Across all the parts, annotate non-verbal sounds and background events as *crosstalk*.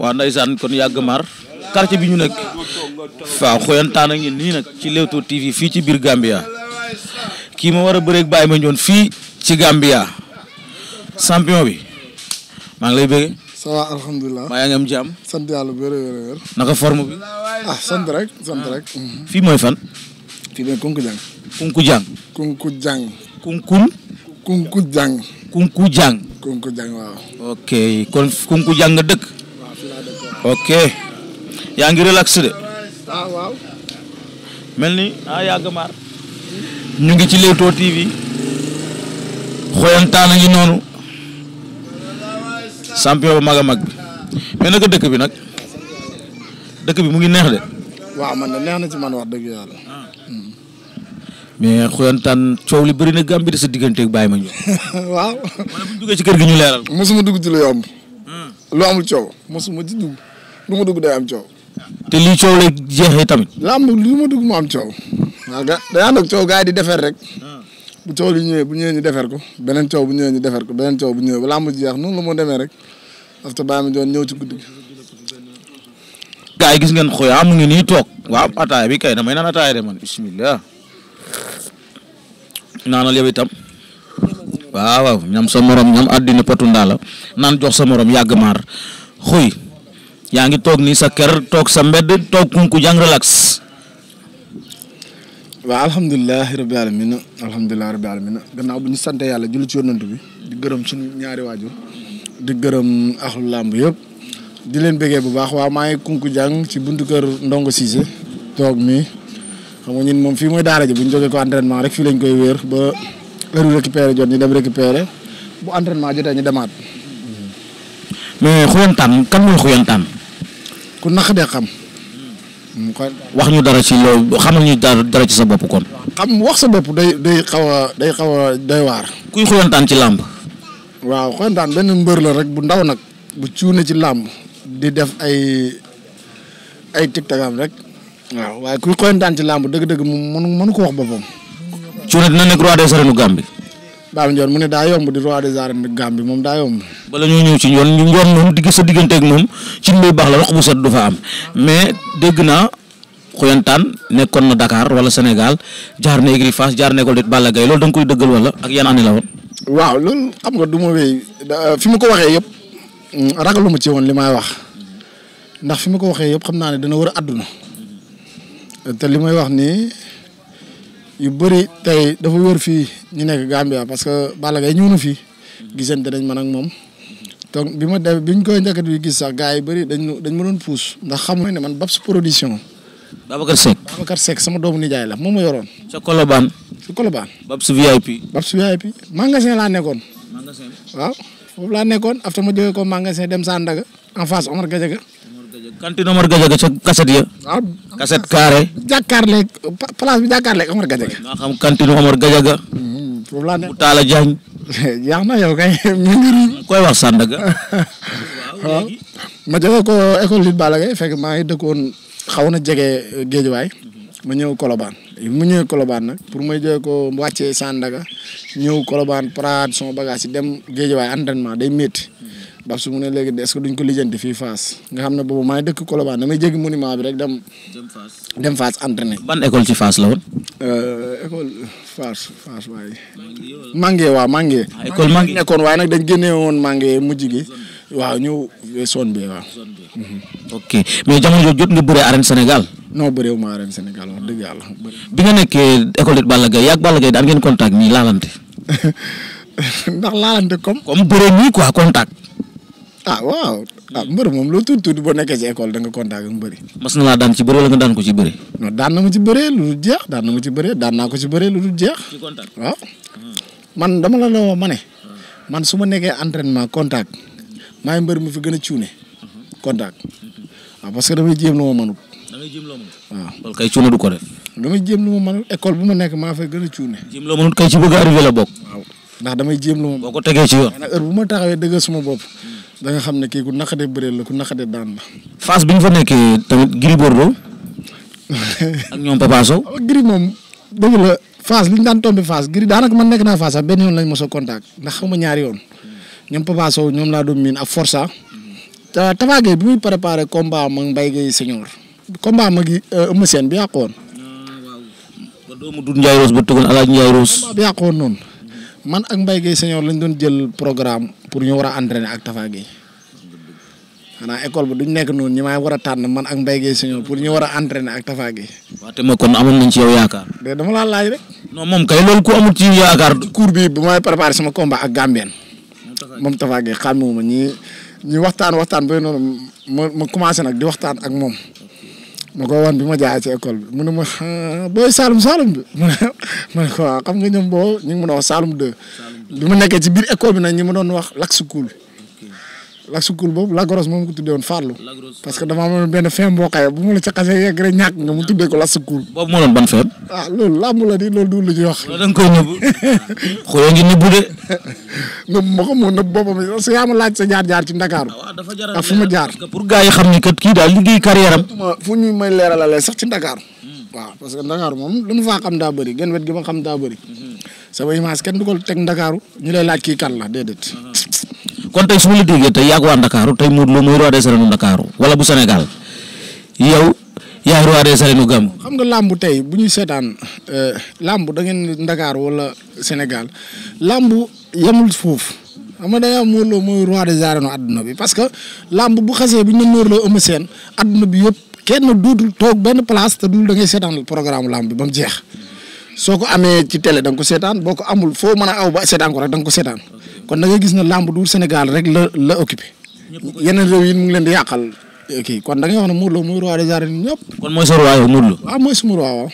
waaw ndeysaan kon yàgg mar quartier bi ñu nekk waaw xoyantaan a ngi nii nag ci Leewtoo TV fii ci biir Gambia kii ma war a bëreeg bàyyi ma ñoon fii ci Gambia champion bi maa ngi lay bëgg. ça va alhamdulilah maa ngi am jàmm. sant yàlla wér wér wér. naka forme bi. Ah, sant rek sant ah. rek. Mhm. fii mooy fan. Kunkujang. Kunkujang. Kunkujang. Kunkujang. Kunku Jang dëkk. waaw fi laa ok yaa ngi relax de. Ah, mel ni ah yàgg ñu ngi ci Leewtoo TV. xoyantaan a ngi noonu. champion ba mag a mag bi. mais naka dëkk bi nag. dëkk bi mu ngi neex de. man de neex na ci man wax dëgg mais xoyantaan coow li bëri na Gambie de sa digganteeg bàyyi *laughs* ma ñu. waaw. maanaam bu ñu duggee ci kër gi ñu leeral. mosuma dugg ci lu yomb. Hmm. lu amul coow mosuma ci dugg dugg day am coow. te lii coow lay jeexee tamit. làmb lu ma dugg mu am coow. waaw ga day ànd ak coow di defar rek. Hmm. bu coow li ñëwee bu ñëwee ñu defar ko beneen coow bu ñëwee ñu defar ko beneen coow bu ñëwee ba làmb ji jeex rek parce que bàyyi ma doon ñëw ci guddi gi. gars yi gis ngeen xoyaa mu ngi nii toog. waaw ataaya bi kay damay naan ataaya de man bismillah ñaanal yow itam waaw waaw ñam sa morom ñam àddina potu ndaa la naan jox sa moroom yàgg maar xuy yaa ngi toog nii sa kër toog sa mbedd toog kunku jàng relax. waaw alhamdulilah rabbil alamin alhamdulilah rabbil alamin gannaaw bu ñu sant yàlla julli ci yonent bi di gërëm suñu ñaari waajur di gërëm axlu làmb yépp di leen bëggee bu baax waaw maa ngi kunku jàng ci buntu kër Ndongo Cissé toog mi xam nga ñun moom fii mooy daara ji bu ñu jógee ko entraînement rek fii lañ koy wéer ba heure récupéré jot ñu dem récupéré bu entraînement jotee ñu demaat. mais xuyantaan kan mooy xuyantaan. ku naq de xam. Hmm. wax ñu dara ci loolu xamal ñu dara ci sa bopp kon. xam wax sa bopp day day xaw a day xaw a day waar. kuy xuyantaan ci làmb. waaw xuyantaan benn mbër la rek bu ndaw nag bu cuune ci làmb di def ay ay tiktokam rek waaw waaye kuy xoyantaan ci làmb dëgg-dëgg moom mënu ko wax boppam. Cuune dina nekk roi des arènes u Gambie. Baam Ndiol mu ne daa yomb di roi des arènes Gambie moom daa yomb. bala ñoo ñëw ci ñoon sa digganteeg moom ci mbay baax la wax am mais dégg naa xoyantaan nekkoon na dakaar wala Sénégal jaar na écurie Fass jaar na école de Balla Gaye loolu da nga koy dëggal wala ak yan année la woon. waaw loolu xam nga du ma fi ma ko waxee yëpp mm, ragaluma ci woon li may wax ndax fi ma ko waxee yëpp xam naa ne dana wër a àdduna te li may wax nii yu bëri tey dafa wër fii ñu nekk Gambia parce que Balla Gaye ñëw na fii gisante dañ man ak moom donc bi ma def biñ koy njëkkat bi gis sax gars yi bëri dañ dañ ma doon puus ndax xam nga ne man Babs production. Babacar Seck Babacar Seck sama doomu nijaay la moom ma yoroon. sa Colobane. sa Colobane. Babs VIP. Babs VIP magasin laa nekkoon. magasin waaw foofu laa nekkoon after ma jógee ko magasin dem Sandaga en face Omar Gadiaga kantin Omar Gadiaga sa kaset ya. kaset carré. jàkkaarleeg place bi jàkkaarleeg Omar Gadiaga. nga xam kantin Omar Gadiaga. yaax hmm, *laughs* na yow kay mi ngi koy wax Sandaga. *laughs* waaw ma jógee ko école Lille Balla Gaye fekk maa ngi dëkkoon xaw na jege Géejawaay ma ñëw Colobane mu ñëw Colobane nag pour may jógee ko wàccee Sandaga ñëw Colobane paraat son bagage yi dem Géejawaay entraînement day métti. Babsu mu ne léegi est-ce que duñ ko lijjanti fii Fass nga xam ne boobu maa ngi dëkk Colobane damay jéggi monument bi rek dem. dem Fass dem Fass entraîné. ban école ci Fass la woon. Euh, école Fass Fass ah, waaye. Mangé waaw Mangé. école Mangé nekkoon nag dañ génne woon Mangé mujj waaw ñëw zone bi waaw. Mhm. ok mais jamono jooju jot nga bëree arène Sénégal. non bëreewu ma arène Sénégal wax dëgg yàlla. bi nga nekkee école it Balla Gaye yàgg Balla Gaye daan ngeen contact nii laalante. *laughs* ndax laalante comme. comme bëree nii quoi contact. ah waaw ah mbër moom loo tuuti tuuti boo nekkee ci école da na laa daan ci bëre wala nga daan ko ci bëre. ma ci bëree lu daan na ma ci bëree daan naa ko ci bëree lu dul man dama la loo ma ne. man su ma nekkee entraînement contact maay mbër mi fi gën a cuune. contact waaw ah, parce que damay jéem lu ma mënut. damay jéem loo mënut. waaw loolu ko def. damay jéem lu ma mënut école bu ma nekk maa fay gën a cuune. jéem loo mënut kay ci bëgg a arrivé la bokk. waaw ndax damay jéem lu ma. boo ko tegee ci yoon. bu ma taxawee dëgg suma bopp da nga xam ne kii ku naqadee bëreel la ku naqadee daan la. phase bi ñu fa nekkee tamit Gris Bordeaux ak ñoom Papa Sow. *laughs* Gris moom dëgg la li ñu daan tombé phase Gris daanaka man nekk naa phase a benn yoon lañ mos a contact ndax xaw ñaari yoon ñoom Papa Sow ñoom laa doon miin ak forsa Tapha Gueye bi muy préparé combat ma Mbaye Gueye senior. combat ma gi euh, Eumeu bi yàqoon. Ah, ba doomu Doudou Ndiaye Rose ba noonu man ak Mbaye Gueye senior lañ doon jël programme. pour ñu war a entraîner ak Tafa Gueye xanaa école bi duñ nekk noonu ñi may war a tànn man ak Mbaye Gueye Senior pour ñu war a entraîner ak Tafa Gueye. waaw te ma kon amoon nañ ci yow yaakaar. de dama laa ba noonu ma ma commencé nag di waxtaan ak moom. ma ko wan bi ma jaayee ci école bi mu ne ma ah, booy Saalum Saalum bi mu *laughs* ne ma ne ko waaw xam nga ñoom boo ñu ngi a wax Saalum 2. li ma nekkee ci biir école bi nag ñi ma doon wax lak sukul lak sukul boobu lagros moom ko tuddee woon Fallou parce que damaa amoon benn fin boo xayma bu la ca xasee yegg mu ko lak sukul. boobu moo doon ban fin. ah loolu làmb la di loolu du lu ñuy wax. loolu da nga koy nëbbu. *laughs* xoolee ngi nëbbu de. nëbbu ma ko sa yaa jaar jaar ci Dakar. Ah, ah fu ma jaar. pour gars yi xam ni kat kii daal liggéey carrière fu ñu may leeralalee sax ci Dakar. Hmm. waaw parce que Dakar moom lu ma faa xam daa bëri genn wet gi ma xam daa bëri hmm. sama image kenn du ko teg ndakaaru ñu lay laaj kii kan la déedéet. kon tey su ma la déggee tey yaa ngi waa ndakaaru tey Modou Lo mooy roi des arènes ndakaaru wala bu Sénégal yow yaay roi des arènes gam xam nga làmb tey bu ñuy seetaan euh, làmb da ngeen ndakaar wala Sénégal làmb yemul foofu xam nga dañoo am mooy roi des arènes adduna bi parce que làmb bu xasee bu ñu ne Modou Lo Eumeu Sène adduna bi yëpp kenn dootul toog benn place te dul da ngay seetaan programme làmb bi ba jeex. soo ko amee ci télé da nga ko seetaan boo ko amul foo man a aw ba seetaan ko rek da nga ko seetaan kon da ngay gis ne làmb du Sénégal rek la la occupé yeneen réew yi mu ngi leen di yàqal eh, kii kon da ngay wax ne Modou Lo mooy roi ñëpp. kon mooy sa roi yow Modou Lo. waaw ah, mooy suma roi waaw.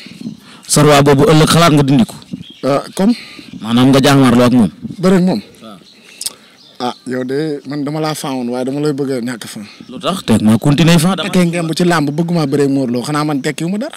xalaat nga dindi ko. Ah, comme. maanaam nga jaamarloo ak moom. bëri ak moom. Ah. ah yow de man dama laa faawoon waaye dama lay bëgg a ñàkk fan. lu tax teg ma continuer fan. dama la tekkee ngemb ci làmb bëgguma bëree Modou xanaa man tekkiwu ma dara.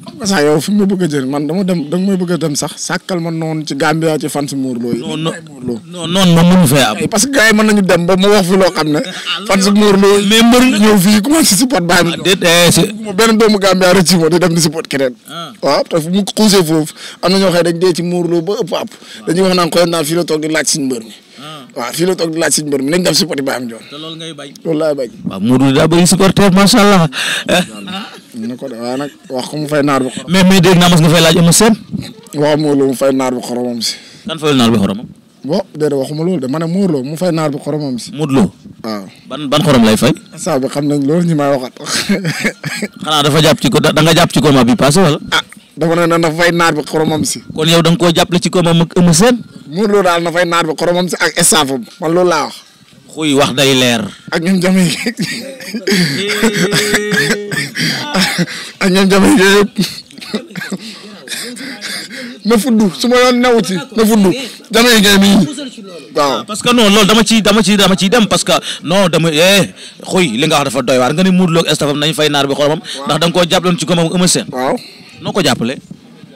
Assane yow fi mu bëgg a jël man dama dem danga may bëgg a dem sax sàkkal ma noonu ci Gambia ci fan si Mourlo yi. non non non noonu que gars yi mën nañu dem wax fi loo xam ne. fan si Mourlo yi mais mbër ñëw fii support bàyyi ma. Ah, déedéet eh, si benn doomu Gambia rëcc ma di support keneen. Ah. waaw te mu xuusee foofu am na ñoo xam ne dañ dee ci Mourlo ba ëpp àpp dañuy wax naan koy naan fii la toog di laaj suñu mi. Mm. waaw fii la toog di laaj suñu mbër mi nañ dem supporter Baye Mandione. te loolu ngay bañ. loolu laay bañ. waaw Modou daa bëri supporter macha allah. na ko de waaye nag wax ko mu fay naar bu xorom. mais mais dégg naa mos nga fay laaj am seen. waaw mu ne Modou Lo mu fay naar bu dafa jàpp ci ko da nga jàpp ci ah dafa ne na fay naar bu xoromam si. kon yow da nga koo jàppale ci combat am ak Eumeu Sène. Modou daal na fay naar bi koromam si ak estafam man loolu laa wax. xuy wax day leer. ak ñoom jame *laughs* ak ñoom jame yëpp *laughs* na fuddu su ma yoon new ci na fuddu jame yi ngay nii waaw. Ah, parce que non loolu dama ci dama ci dama ciy dem parce que non dama eh xuy li nga wax dafa doy waar nga ni Modou Lo ak estafam nañ fay naar bi xoromam ndax da nga koo jàppaloon ci gomam Eumeu Sène. waaw noo ko jàppale.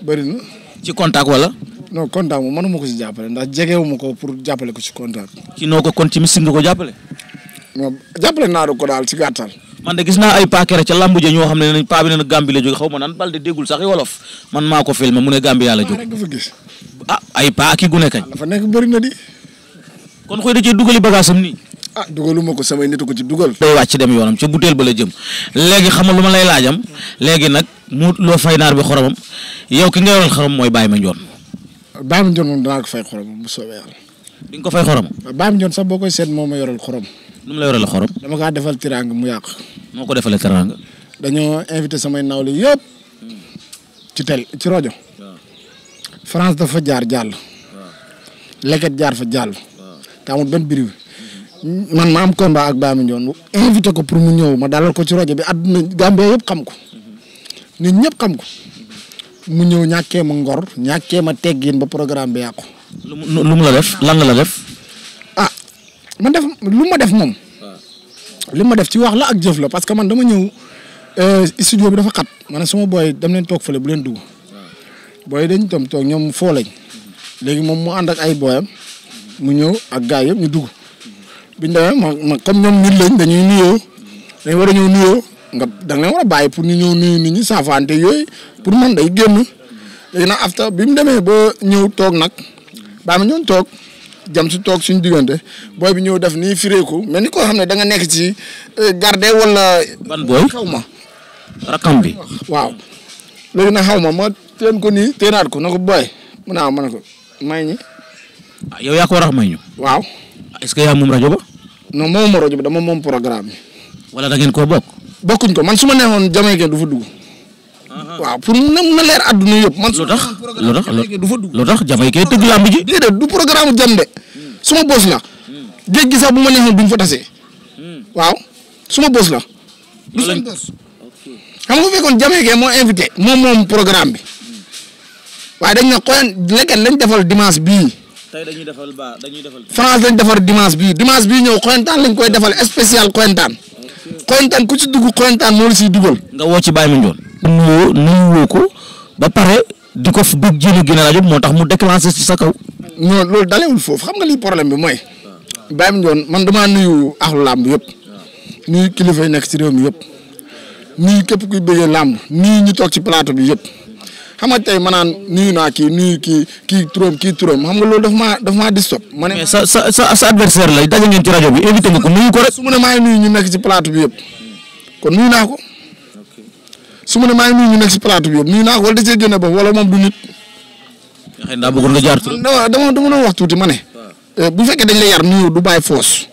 bëri na. ci contact wala. non contrat moom mënuma ko si jàppale ndax jegewuma ko pour jàppale ko si contrat. ci noo ko kon ci mystique nga ko jàppale. non jàppale naa ko daal si gàttal. man de gis naa ay paakere ca lambu ja ñoo xam ne paa bi ne Gambie la jóge xaw ma nan Balde déggul sax wolof man maa ko filmé mu ne la jóge. ah ay paa ki gune kañ. dafa nekk bëri na di. kon xëy da cee dugali bagage nii. Ah, dugaluma ko samay nit ko ci dugal. day wàcc dem yoonam ca butéel ba la jëm léegi xam nga lu ma lay laajam léegi nag mu loo fay naar bi xoromam yow ki nga yoroon xorom mooy Baye Mandione Baam Ndiol moom danaa ko fay xorom bu soobee yàlla. di ko fay xorom. Baam Ndiol sax boo koy seet moo ma yoral xorom. nu mu la yoral xorom. dama kaa defal tiraanga mu yàq. moo ko defalee tiraanga. dañoo invité samay nawle yëpp. ci tel ci rajo. France fa jaar jàll. leket jaar fa jàll. te amul benn biriw. Mm-hmm. man maam kon combat ak Baam Ndiol invité ko pour mu ñëw ma dalal ko ci rajo bi àdduna Gambie yëpp xam ko. Mm-hmm. nit ñëpp xam ko. mu ñëw ñàkkee ma ngor ñàkkee ma teggin ba programme bi yàqu. lu mu lu mu la def lan la def. ah man def lu ma def moom. li ma def ci wax la ak jëf la parce que man dama ñëw euh, studio bi dafa xat ma ne suma booy dem leen toog fële bu leen dugg booy dañ tam toog ñoom foo lañ léegi moom mu ànd ak ay booyam mu ñëw ak gars yëpp ñu dugg biñ demee ma ñoom nit lañ dañuy nuyoo dañ war a nuyoo nga da nga war a bàyyi pour ñu ñëw nuyu nit ñi saafante yooyu pour man day génn léegi nag afta bi mu demee bo ñëw toog nag baa ma ñoon toog jam si toog suñu diggante booy bi ñëw def nii fireeku mais ni ko xam ne da nekk ci euh, garde wala. ban booy xaw ma. rakam bi. waaw léegi nag xaw ma ma teen ko nii teenaat ko na ko booy mu naa ma ne ko may ñi. ah yow a may ñu. waaw. est-ce yaa moom rajo ba. non moom ma rajo ba dama moom programme bi. wala da ngeen koo bokk. bokkuñ ko man su ma neexoon Jamaïcain du fa dugg. Uh-huh. waaw pour na na leer àdduna yëpp man. lu tax lu tax du fa dugg lu tax Jamaïcain tëgg làmb ji. déedéet du programme jam de suma bos la. Hmm. géej gi sax bu ma neexoon duñ fa tasee. Hmm. waaw suma bos la. du suma boos. xam nga fekkoon Jamaïcain moo invité. moom moom programme bi. Hmm. waaye dañ ne xoolal léegi lañ defal dimanche bii. tey dañuy defal ba dañuy defal. France lañ defar dimanche bii dimanche bii ñëw xoyantaan lañ koy defal spécial xoyantaan. xoyantaan ku ci dugg xoyantaan moo la siy dugal. nga woo ci Baye Mandione. nuyoo nuyuwoo ko ba pare di ko fu jéem a gën a rajo moo tax mu déclenché ci sa kaw. non loolu dalewul foofu xam nga lii problème bi mooy. Baye Mandione man damaa nuyu axlu làmb yëpp. nuyu kilifa nekk si réew mi yëpp. nuyu képp kuy bëggee làmb nuyu ñu toog ci plateau bi yëpp. xam nga tey ma naan nuyu naa kii nuyu ki kii turam kii turam xam nga loolu dafa maa dafa maa distop. ma ne sa sa sa adversaire lay daje ngeen ci rajo bi invité nga ko nuyu ko rek. su ma ne maa ngi ñu nekk ci plateau bi yëpp kon nuyu naa ko su ma ne maa ngi nuyu ñu nekk ci plateau bi yëpp nuyu naa ko wala da cee ba wala moom du nit. xëy na bëggoon nga dama dama doon wax tuuti ma ne. bu fekkee dañ lay yar nuyu du bàyyi foos.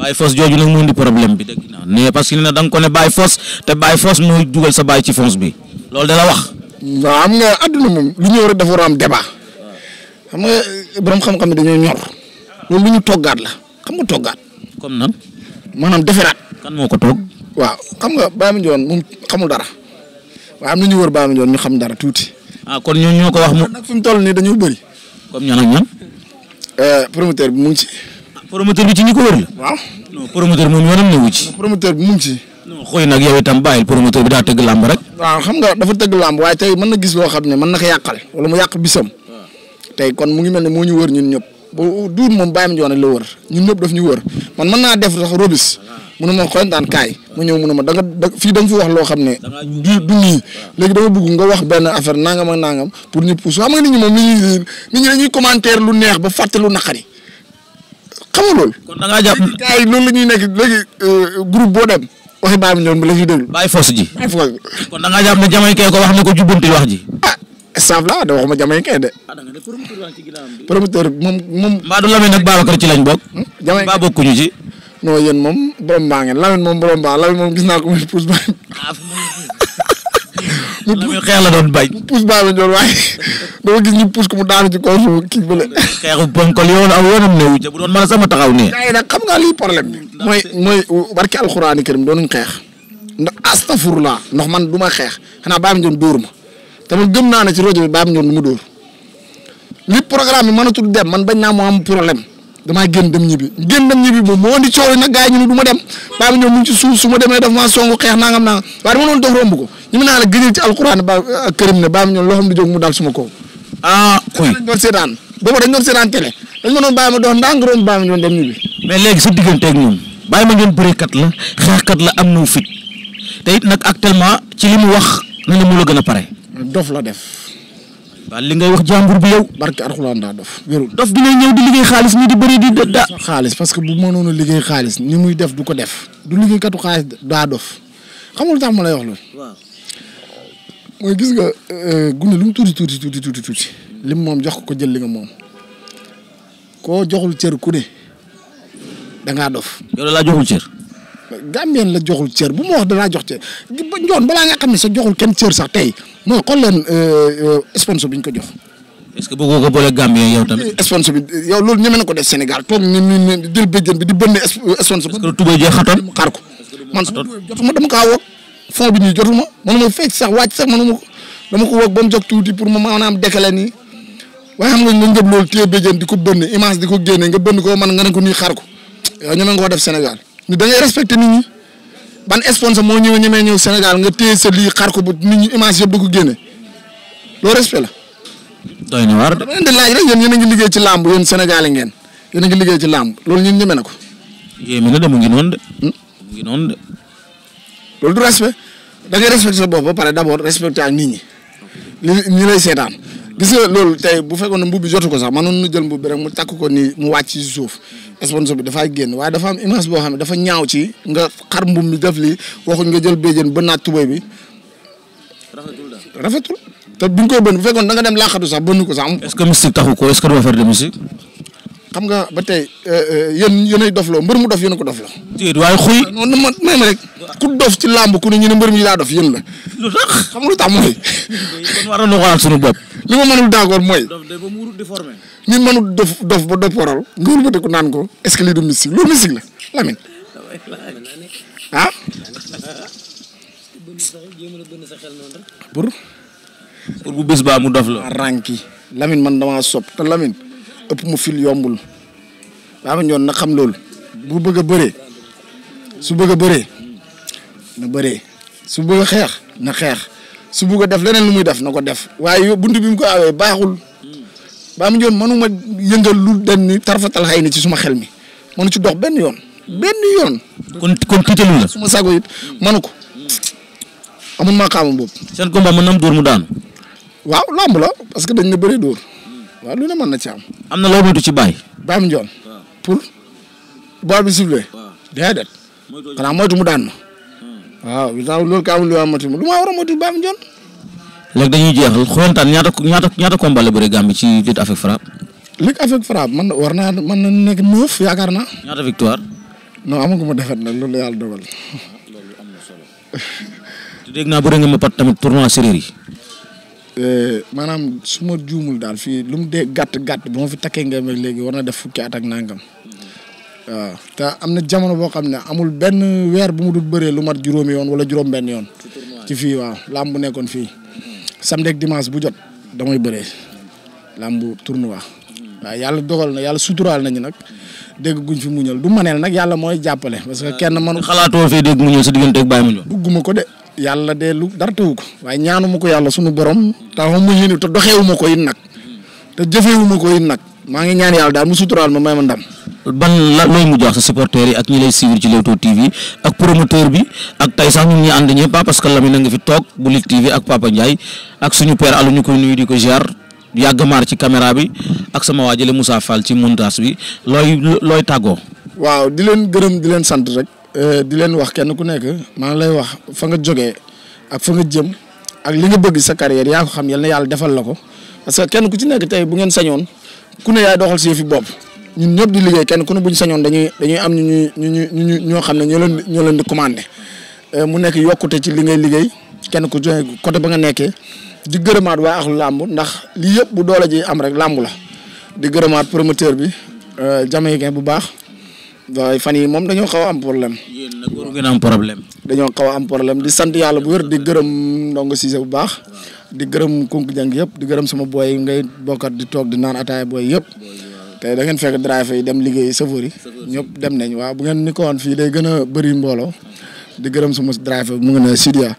bàyyi foos jooju nag moo indi problème bi dégg naa ne parce que ne da ko ne bàyyi foos te bàyyi foos mooy dugal sa bàyyi ci foos bi loolu dana wax. non am nga àdduna moom lu ñëw rek dafa war a am débat am nga borom xam-xam yi dañoo ñor loolu lu ñu toggaat la xam nga toggaat. comme nan. maanaam deferaat. kan moo ko toog. waaw xam nga Baye Mandione moom xamul dara waaye am na ñu wër Baye Mandione ñu xam dara tuuti. ah kon ñooñu ñoo ko wax. mu nag fi mu toll nii dañoo bëri. comme ñan ak ñan. Eh, bi mu ngi ci. Ah, promoteur bi ci ñi ko wër la. waaw non promoteur moom yoonam ne wu ci. promoteur bi mu ngi ci. xoy nag yow itam bàyyil promoteur bi daa tëgg làmb rek. waaw xam nga dafa tëgg làmb waaye tey man na gis loo xam ne man na ko yàqal wala mu yàq bisam. tey kon mu ngi mel ne moo ñu wër ñun ñëpp bu duur moom bàyyi ma njoone la ñun ñëpp daf ñu wër man mën naa def sax robis mu ne ma xoyantaan kaay mu ñëw mu ne ma da nga fii da nga fi loo xam ne du du nii léegi dama bëgg nga wax benn affaire nangam ak nangam pour ñu pousse xam nga nit ñi moom nit ñi dañuy commentaire lu neex ba fàtte lu naqari xam nga lool kon da ngaa jàpp la ñuy nekk léegi euh, groupe boo dem. waxi Baye Mandione bi la ñuy déglu. Baye Foss ji. Baye Foss ji. kon da ko wax ne ko jubbantil wax ji. ah sàmm laa de waxuma jamaïcain de. ah da nga ne promoteur waa ci ginnaaw bi. promoteur bi moom moom. ci lañ bokk. Hmm? jamaïcain mbaa bokkuñu ci. non yéen moom borom baa ngeen Lamine moom borom baa Lamine moom gis naa ko muy pousse ba. Ah, ñu xeex la doon bañ. puus baa la doon waaye *laughs* dama gis ñu puus ko mu daanu ci kaw suuf kii bële. xeexu ponkol yoon doon mën a sama taxaw nii. gars yi nag xam nga lii problème bi. mooy mooy barki alxuraani kërim doonuñ xeex. ndax astafurlaa ndax man du ma xeex xanaa bàyyi ma doon ma te man gëm naa ne ci rajo mi bàyyi ma doon mu dóor li programme bi mënatul dem man bañ naa mu am problème. damaa génn dem ñibbi génn dem ñibbi moom moo indi coow nag gars yi ñu ma dem baa ma ñëw mu ci suuf su ma demee daf maa songu xeex nangam nangam waaye dama doon dox romb ko naa la gëjal ci alquran ba ak kërim ne baa ma mu dal suma kaw. ah oui dañ doon seetaan booba dañ doon seetaan télé ma doon bàyyi ma dox ndànk romb baa ma ñëw dem ñibbi. mais léegi sa digganteeg ñoom bàyyi ma ñëw bëreekat la xeexkat la am na fit te it nag actuellement ci li mu wax na ne mu la gën a pare. dof la def daal li ngay wax jàmbur bi yow. barke Alxuraan daa dof wérul dof bi ñëw di liggéey xaalis ni di bëri di da. xaalis parce que bu mënoon a liggéey xaalis ni muy def du ko def. du liggéeykatu xaalis daa dof xam nga lu ma lay wax loolu. waaw mooy gis nga euh, gune lu mu tuuti tuuti tuuti tuuti tuuti lim moom jox ko jël li nga moom koo joxul cër ku ne da ngaa dof. yow laa joxul cër. Gambien la joxul cër bu ma wax danaa jox cër njoon balaa nga xam ne sa joxul kenn cër sax tey. non xool leen euh, euh, bi ñu ko jox. est que bëggoo ko boole Gambien yow tamit. sponsor bi yow loolu ñeme na ko def Sénégal toog ñu ñu ñu jël bëjjën bi di bënn euh, sponsor. est-ce que tubay jee xatoon xaar ko. man su ma jotuma dama kaa woo. fond bi nii jotuma manuma fecc sax wàcc sax manuma ko dama ko woo nga di ko bënn image di ko génne man nga ne ko nii xaar ko yow ñeme nga ko def Sénégal ni da ngay respecté ñi ban sponsor moo ñëw ñemee ñëw Sénégal nga téye sa lii xar ko bu nit ñi image yëpp bëgg génne loolu respect la. doy na waar dama leen di laaj rek yéen yéen ngi liggéey ci làmb yéen Sénégal ngeen yéen a ngi liggéey ci làmb loolu ñun ñeme na ko. yéeme na de mu ngi noonu de. Hmm? mu ngi noonu de. du respect da ngay respecté sa bopp ba pare d' abord respecté ak nit ñi. li ñi lay seetaan. gis nga loolu tey bu fekkoon ne mbub bi ko sax mënoon nu jël mbub bi rek mu takk ko nii mu wàcc ci suuf sponsor bi dafay génn waaye dafa am image boo xam ne dafa ñaaw ci nga xar mbub mi def lii waxuñ nga jël béjjén ba naat tubay bi. rafetul daal te bi ñu koy bënn da nga dem laaxatu sax bënn ko sax. est-ce que musique taxu ko est-ce que xam nga ba tey euh, euh, yéen yéenay dofloo mbër mu dof yéen a ko dofloo. déedéet waaye xuy. non non man rek. ku dof ci làmb ku ne mbër mi daa dof yéen la. lu tax xam nga lu tax mooy. sunu bopp. li ma mënul d'accord mooy. ñun mënul dof dof ba dof waral. nga wëlbatiku naan ko est-ce que lii du musique loolu musique la Lamine. *laughs* ah. bu bés baa mu dof la. ranki Lamine man damaa sob te Lamine ëpp mu fil yombul baa ma ñoon na xam loolu. bu bëgg a bëree su bëgg a bëree na bëree su bëgg xeex na xeex. si bugg a def leneen lu muy def na ko def waaye buntu bi mu ko awee baaxul hmm. ba mu yoon mënuma yëngal lu den ni tarfatal xay ni ci suma xel mi mënu ci dox benn yoon benn yoon. kon kon tiitalu la. su ma sago it mënu ko hmm. amul maa xaamam boobu. seen combat mën na am dóor mu daanu. waaw làmb la parce que dañ ne bëri dóor hmm. waaw lu ne mën na ci am. am na loo moytu ci bàyyi. bàyyi mu njoon pour bool bi sifflé. déedéet xanaa moytu mu daan ma. waaw loolu ka amul lu am motif lu ma war a motif Baam Ndione. léegi dañuy jeexal xoyantaan ñaata ñaata ñaata combat la bëre Gambie ci lutte avec frappe. lutte avec frappe man war naa mën na nekk neuf yaakaar naa. ñaata victoire. non amaguma defet nag loolu yàlla dogal. loolu am na solo. te dégg naa bëri nga ma pat tamit tournoi séeréer eh, yi. maanaam su ma juumul daal fii lu mu dee gàtt gàtt bu ma fi takkee nga léegi war na def fukki at ak nangam. waaw te am na jamono boo xam ne amul benn weer bu mu dul bëree lu mat juróomi yoon wala juróom benn yoon ci fii waaw làmb bu nekkoon fii samedi ak dimanche bu jot damay bëree làmb tournoi waaw yàlla dogal na yàlla suturaal nañu nag dégg guñ fi muñal du maneel nag yàlla mooy jàppale parce que ah, kenn manu xalaatoo fee dégg muñal sa diggante ak Baye Mandione dugguma ko de yàlla de lu dara tawu ko waaye ñaanuma ko yàlla sunu borom taxaw te doxeewuma ko it nag te maa ngi ñaan yàlla daal mu suturaal ma may ma ndam. ban la looy mujj wax sa supporters yi ak ñi lay suivre ci Leewtoo TV ak promoteur bi ak tey sax ñun ñi ànd ñëpp ah, parce que Lamine nga fi toog bu Lutte TV ak Papa Ndiaye ak suñu père ñu koy nuyu di ko ziar yàgg maar ci caméra bi ak sama waa jële Moussa faal ci montage bi looy looy tàggoo. waaw di leen gërëm di leen sant rek. Euh, di leen wax kenn ku nekk maa ngi lay wax fa nga jógee ak fa nga jëm ak li nga bëgg sa carrière xam yal na yàlla defal la ko parce que kenn ku ci nekk tey bu ngeen sañoon. ku ne yaay doxal si fi bopp ñun ñëpp di liggéey kenn ku ne bu ñu sañoon dañuy dañuy am ñu ñu ñu ñu ñoo xam ne ñoo leen ñoo leen di commandé euh, mu nekk yokkute ci li ngay liggéey kenn ku joxe côté ba nga nekkee di gërëmaat waa axlu làmb ndax lii yëpp bu doole ji am rek làmb la di gërëmaat promoteur bi euh, jamaïcain bu baax. waaye fan yi moom dañoo xaw am problème. yéen nag waru ngeen am problème. dañoo xaw a am problème di sant yàlla bu wér di gërëm ndongo Cissé bu baax. di gërëm kunku jàng yëpp di gërëm sama booy ngay bokkat di toog di naan ataaya booy yëpp. te da ngeen fekk driver yi dem liggéey sëfoor ñëpp dem nañ waaw bu ngeen ni ko woon fii day gën a bëri mbooloo. di gërëm sama driver mu ngi ne Sidia.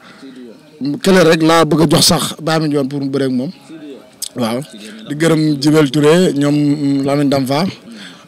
kële rek laa bëgg a jox sax baa mi yoon pour mu bëreeg moom. waaw di gërëm Jibel Touré ñoom Lamine Damfa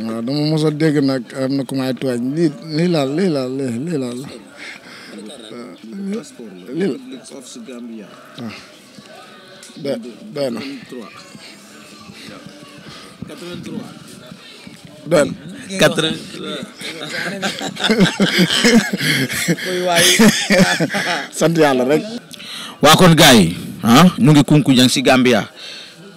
waaw dama mos a dégg nag am na ku may tuwaaj lii lii laal lii na doy ah. *laughs* rek waa kon gars ah ñu kunku jang si Gambia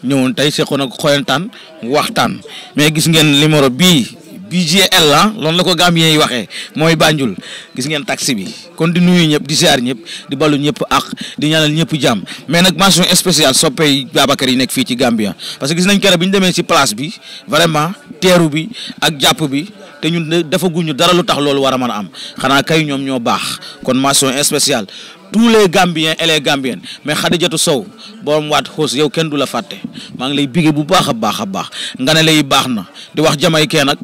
ñëwoon tey seqoon ak xoyantaan waxtaan mais gis ngeen numéro bii BJL la ah, loolu la ko Gambien yi waxee mooy Banjul gis ngeen taxi bi kon di nuyu ñëpp di ziar ñëpp di balu ñëpp ak di ñaanal ñëpp jàmm mais nag mention spéciale soppey Babacar yi nekk fii ci Gambia parce que gis nañ keroog bi ñu demee si place bi vraiment teeru bi ak jàpp bi te ñun dafa guñu dara lu tax loolu war a mën a am xanaa kay ñoom ñoo baax kon mention spéciale. tous les Gambiens et les Gambiennes mais Xadijatu Sow mu waat xoos yow kenn du la fàtte maa ngi lay bigee bu baax a baax a baax nga ne lay baax na di wax jamay kee nag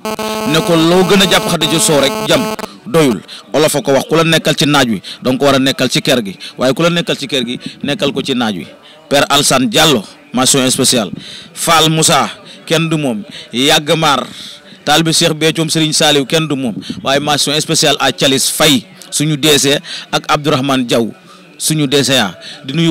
ne ko loo gën a jàpp Xadijatu Sow rek jam doyul olof a ko wax ku la nekkal ci naaj wi donc ko war a nekkal ci kër gi waaye ku la nekkal ci kër gi nekkal ko ci naaj wi Père Alsane Diallo massion spéciale Fall Moussa kenn du moom yàgg maar taal bi Cheikh Béthio Serigne Saliou kenn du moom waaye mention spéciale à Thialis Faye suñu DG ak Abdourahmane Diaw suñu DCA di nuyu